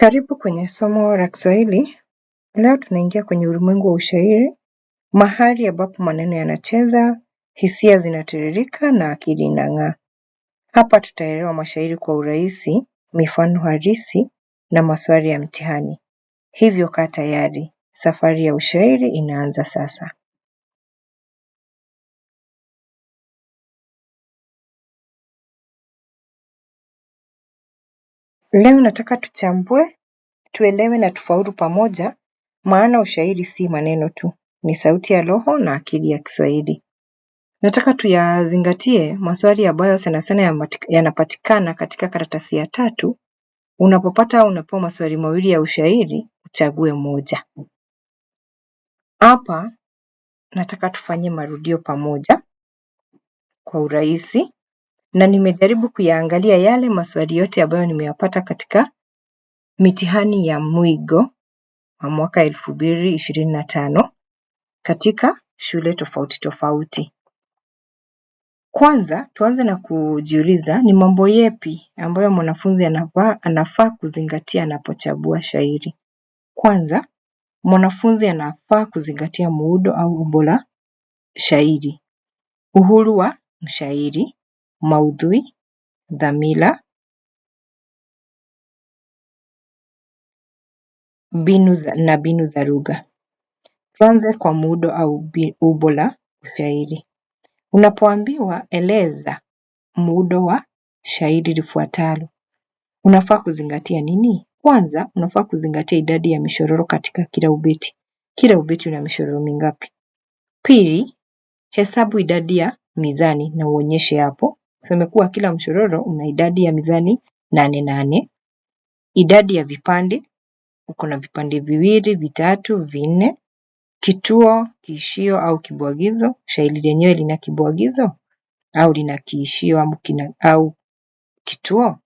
Karibu kwenye somo la Kiswahili. Leo tunaingia kwenye ulimwengu wa ushairi, mahali ambapo maneno yanacheza, hisia zinatiririka na akili inang'aa. Hapa tutaelewa mashairi kwa urahisi, mifano halisi na maswali ya mtihani. Hivyo kaa tayari, safari ya ushairi inaanza sasa. Leo nataka tuchambue tuelewe na tufaulu pamoja, maana ushairi si maneno tu, ni sauti ya roho na akili ya Kiswahili. Nataka tuyazingatie maswali ambayo sana sana yanapatikana katika karatasi ya tatu. Unapopata au unapewa maswali mawili ya ushairi, uchague moja. Hapa nataka tufanye marudio pamoja kwa urahisi, na nimejaribu kuyaangalia yale maswali yote ambayo nimeyapata katika Mitihani ya mwigo wa mwaka elfu mbili ishirini na tano katika shule tofauti tofauti. Kwanza tuanze na kujiuliza ni mambo yepi ambayo mwanafunzi anafaa kuzingatia anapochagua shairi. Kwanza mwanafunzi anafaa kuzingatia muundo au umbo la shairi, uhuru wa mshairi, maudhui, dhamira, Mbinu na mbinu za lugha. Tuanze kwa muundo au umbo la shairi. Unapoambiwa eleza muundo wa shairi lifuatalo, unafaa kuzingatia nini? Kwanza, unafaa kuzingatia idadi ya mishororo katika kila ubeti. Kila ubeti una mishororo mingapi? Pili, hesabu idadi ya mizani na uonyeshe hapo. Tuseme kuwa kila mshororo una idadi ya mizani nane nane, idadi ya vipande uko na vipande viwili, vitatu, vinne. Kituo, kiishio au kibwagizo. Shairi lenyewe lina kibwagizo au lina kiishio au kituo.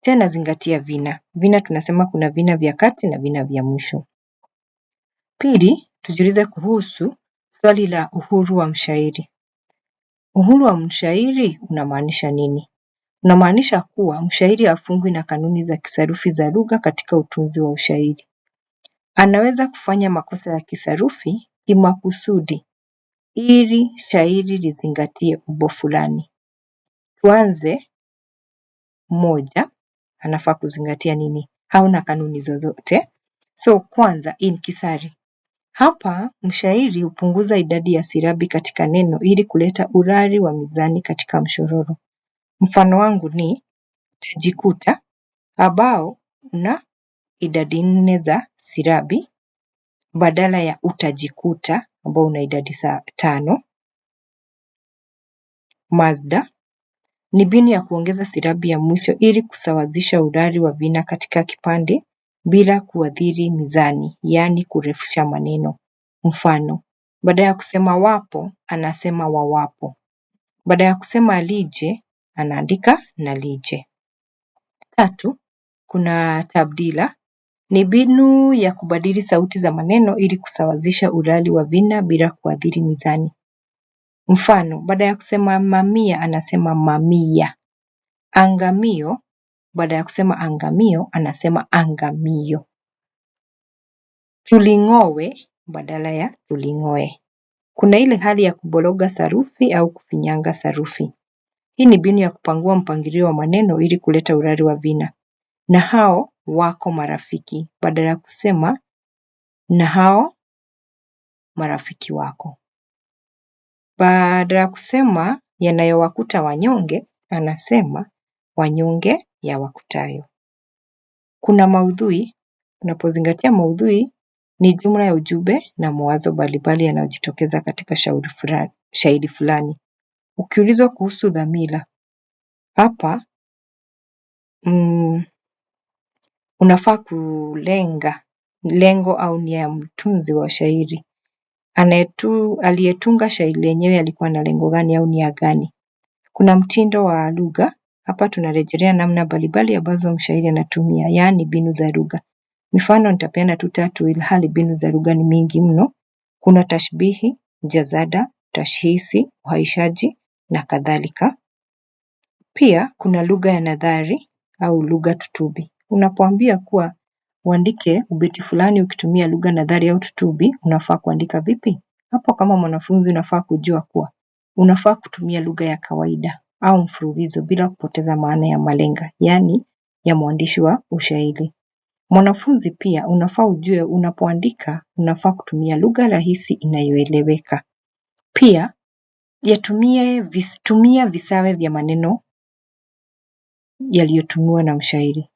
Tena zingatia vina. Vina tunasema kuna vina vya kati na vina vya mwisho. Pili, tujiulize kuhusu swali la uhuru wa mshairi. Uhuru wa mshairi unamaanisha nini? unamaanisha kuwa mshairi hafungwi na kanuni za kisarufi za lugha katika utunzi wa ushairi. Anaweza kufanya makosa ya kisarufi kimakusudi ili shairi lizingatie umbo fulani. Tuanze moja, anafaa kuzingatia nini? Hauna kanuni zozote. So kwanza kisari Hapa mshairi hupunguza idadi ya silabi katika neno ili kuleta urari wa mizani katika mshororo. Mfano wangu ni tajikuta ambao una idadi nne za silabi badala ya utajikuta ambao una idadi tano. Mazda ni mbinu ya kuongeza silabi ya mwisho ili kusawazisha urari wa vina katika kipande bila kuathiri mizani, yaani kurefusha maneno. Mfano, badala ya kusema wapo, anasema wawapo. Badala ya kusema alije, anaandika na lije Tatu, kuna tabdila, ni mbinu ya kubadili sauti za maneno ili kusawazisha ulali wa vina bila kuathiri mizani. Mfano, baada ya kusema mamia anasema mamia. Angamio, baada ya kusema angamio anasema angamio. tulingowe badala ya tuling'oe. Kuna ile hali ya kuboroga sarufi au kufinyanga sarufi. Hii ni mbinu ya kupangua mpangilio wa maneno ili kuleta urari wa vina. Na hao wako marafiki badala ya kusema na hao marafiki wako. Badala ya kusema yanayowakuta wanyonge, anasema wanyonge yawakutayo. Kuna maudhui, unapozingatia maudhui ni jumla ya ujumbe na mawazo mbalimbali yanayojitokeza katika shairi fulani. Ukiulizwa kuhusu dhamira hapa mm, unafaa kulenga lengo au nia ya mtunzi wa shairi. Aliyetunga shairi lenyewe alikuwa na lengo gani au nia gani. Kuna mtindo wa lugha, hapa tunarejelea namna mbalimbali ambazo mshairi anatumia, yaani mbinu za lugha. Mifano nitapeana tu tatu ilhali mbinu za lugha ni mingi mno. Kuna tashbihi, jazada, tashhisi, uhaishaji, na kadhalika. Pia kuna lugha ya nadhari au lugha tutubi. Unapoambia kuwa uandike ubeti fulani ukitumia lugha nadhari au tutubi, unafaa kuandika vipi? Hapo kama mwanafunzi unafaa kujua kuwa unafaa kutumia lugha ya kawaida au mfululizo bila kupoteza maana ya malenga, yaani ya mwandishi wa ushairi. Mwanafunzi pia unafaa ujue unapoandika unafaa kutumia lugha rahisi inayoeleweka. Pia Tumia visawe vya maneno yaliyotumiwa na mshairi.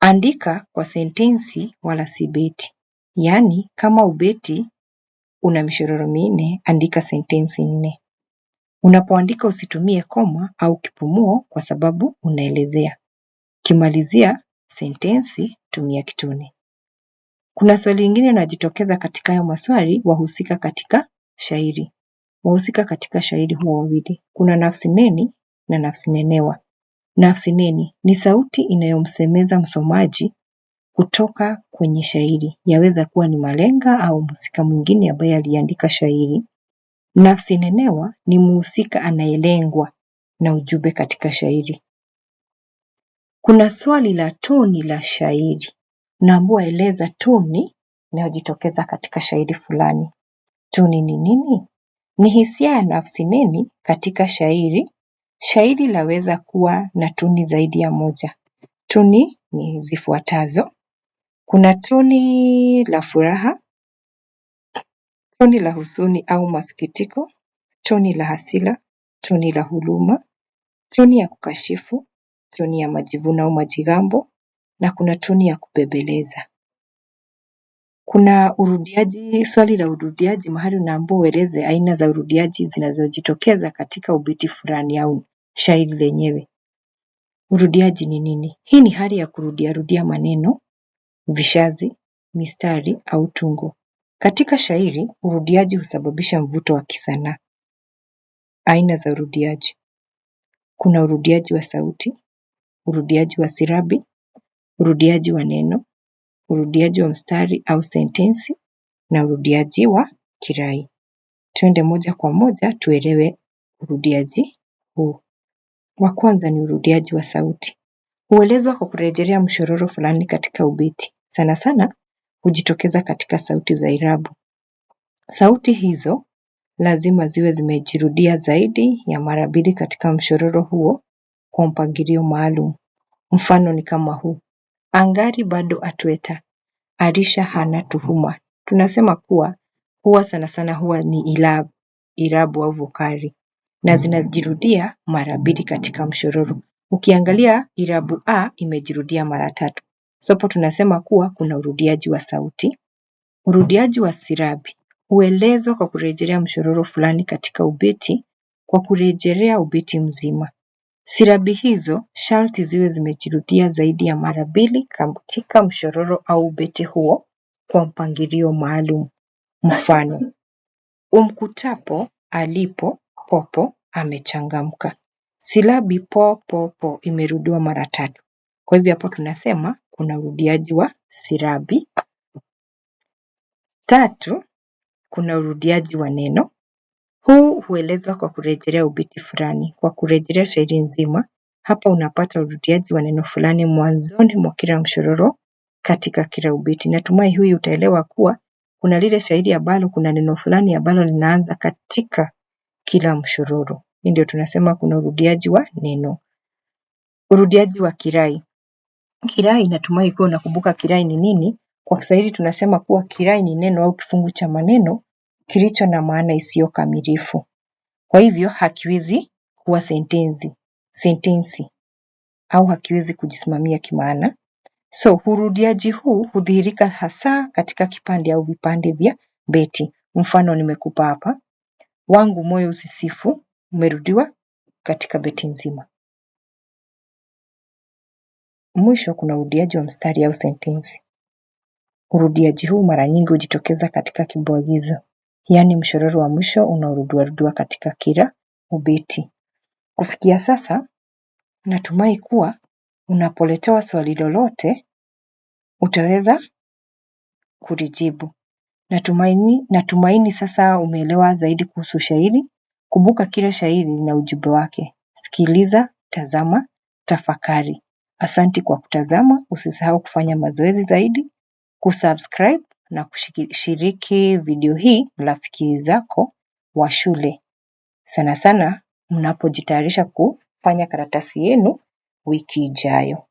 Andika kwa sentensi wala si beti, yaani kama ubeti una mishororo minne, andika sentensi nne. Unapoandika usitumie koma au kipumuo kwa sababu unaelezea. kimalizia sentensi tumia kituni. Kuna swali lingine linajitokeza katika hayo maswali wahusika katika shairi. Wahusika katika shahidi huwa wawili. Kuna nafsi neni na nafsi nenewa. Nafsi neni ni sauti inayomsemeza msomaji kutoka kwenye shairi. Yaweza kuwa ni malenga au mhusika mwingine ambaye aliandika shairi. Nafsi nenewa ni mhusika anayelengwa na ujumbe katika shairi. Kuna swali la toni la shairi Naambua eleza toni inayojitokeza katika shairi fulani. Toni ni nini? Ni hisia ya nafsi neni katika shairi. Shairi laweza kuwa na tuni zaidi ya moja. Tuni ni zifuatazo. Kuna tuni la furaha, tuni la huzuni au masikitiko, tuni la hasira, tuni la huruma, tuni ya kukashifu, tuni ya majivuno au majigambo na kuna tuni ya kubembeleza. Kuna urudiaji, swali la urudiaji mahali unaambiwa ueleze aina za urudiaji zinazojitokeza katika ubiti fulani au shairi lenyewe. Urudiaji ni nini? Hii ni hali ya kurudiarudia maneno, vishazi, mistari au tungo. Katika shairi, urudiaji husababisha mvuto wa kisanaa. Aina za urudiaji. Kuna urudiaji wa sauti, urudiaji wa silabi, urudiaji wa neno, urudiaji wa mstari au sentensi na urudiaji wa kirai. Twende moja kwa moja tuelewe urudiaji huu. Wa kwanza ni urudiaji wa sauti. Huelezwa kwa kurejelea mshororo fulani katika ubeti. Sana sana hujitokeza katika sauti za irabu. Sauti hizo lazima ziwe zimejirudia zaidi ya mara mbili katika mshororo huo kwa mpangilio maalum. Mfano ni kama huu. Angari bado atweta. Arisha hana tuhuma. Tunasema kuwa huwa sana sana huwa ni irabu au vokari na zinajirudia mara mbili katika mshororo. Ukiangalia irabu a imejirudia mara tatu. sopo tunasema kuwa kuna urudiaji wa sauti. Urudiaji wa sirabi huelezwa kwa kurejelea mshororo fulani katika ubeti kwa kurejelea ubeti mzima. Silabi hizo sharti ziwe zimejirudia zaidi ya mara mbili katika mshororo au beti huo kwa mpangilio maalum. Mfano, umkutapo, alipo, popo amechangamka. Silabi po po po imerudiwa mara tatu. Kwa hivyo hapo tunasema kuna urudiaji wa silabi. Tatu, kuna urudiaji wa neno. Huu huelezwa kwa kurejelea ubeti fulani kwa kurejelea shairi nzima. Hapa unapata urudiaji wa neno fulani mwanzoni mwa kila mshororo katika kila ubeti. Natumai huyu utaelewa kuwa kuna lile shairi ambalo kuna neno fulani ambalo linaanza katika kila mshororo. Hii ndio tunasema kuna urudiaji wa neno. Urudiaji wa kirai. Kirai natumai kuwa unakumbuka kirai ni nini. Kwa Kiswahili tunasema kuwa kirai ni neno au kifungu cha maneno kilicho na maana isiyo kamilifu. Kwa hivyo hakiwezi kuwa sentensi, sentensi au hakiwezi kujisimamia kimaana. So urudiaji huu hudhihirika hasa katika kipande au vipande vya beti. Mfano nimekupa hapa, wangu moyo usisifu, umerudiwa katika beti nzima. Mwisho kuna urudiaji wa mstari au sentensi. Urudiaji huu mara nyingi hujitokeza katika kibwagizo yaani mshororo wa mwisho unaorudiwarudiwa katika kila ubeti. Kufikia sasa, natumai kuwa unapoletewa swali lolote utaweza kulijibu. Natumaini, natumaini sasa umeelewa zaidi kuhusu shairi. Kumbuka kila shairi lina ujumbe wake. Sikiliza, tazama, tafakari. Asanti kwa kutazama, usisahau kufanya mazoezi zaidi, kusubscribe na kushiriki video hii rafiki zako wa shule. Sana sana mnapojitayarisha kufanya karatasi yenu wiki ijayo.